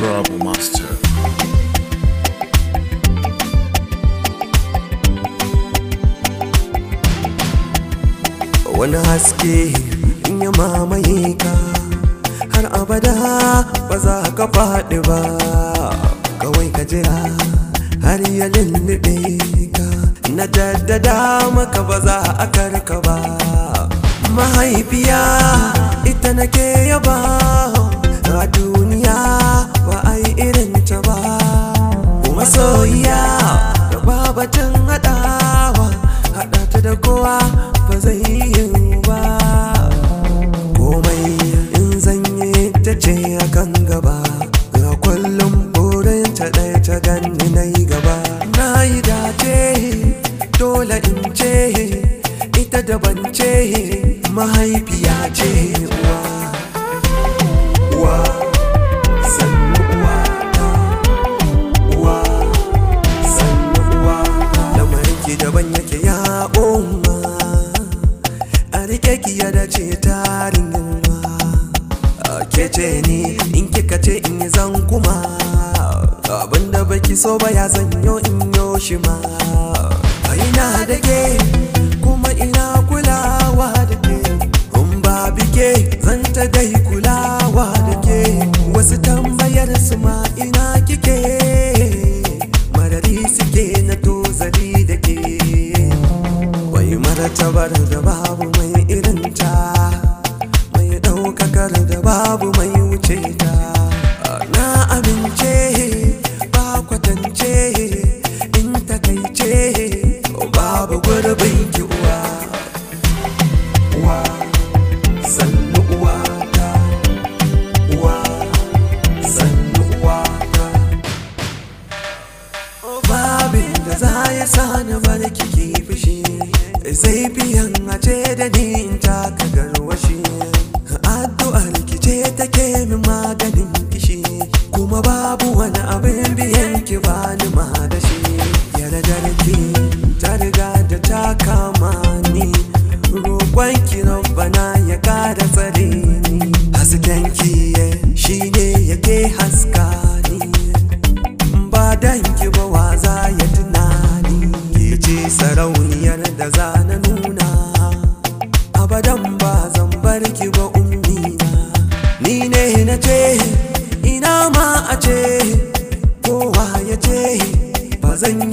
Scrabble Wani haske in ya mamaye ka har abada ba za ka faɗi ba kawai ka jira har ya lullube ka na daddada maka ba za a karka ba mahaifiya ita nake yaba a ba a yi irin ta ba kuma soyayya da babatin haɗawa haɗa ta da kowa ba zai yi ba komai in zanye ta ce akan gaba ga kullum burin ta ɗaya ta ganni na yi gaba na yi dace dole in ce ita da bance mahaifiya ce ce tarin yalwa ke ce ni in kika ce in yi zan kuma abinda baki so ba ya zanyo in yo shi ma ina da ke kuma ina kulawa da ke in ba bike zan ta dai kulawa da ke wasu tambayar su ma ina kike marari suke na tozari da ke mara tabar da babu mai shekar da babu mai wuce ta na amince ba kwatance in takaice babu gurbin ki uwa sannu uwa sannu babin da za ya sani barki ki fushi sai biyan a ce da ni in taka garwashi abin biyan ki bani ma da shi yardar ki ta riga da ta kama ni roƙon ki bana ya kara tsare ni hasken ki shi ne yake haska ni ba dan ki ba waza ya tunani ki ce sarauniyar da za na nuna abadan ba zan bar ki ba ummina ni ne na ce zan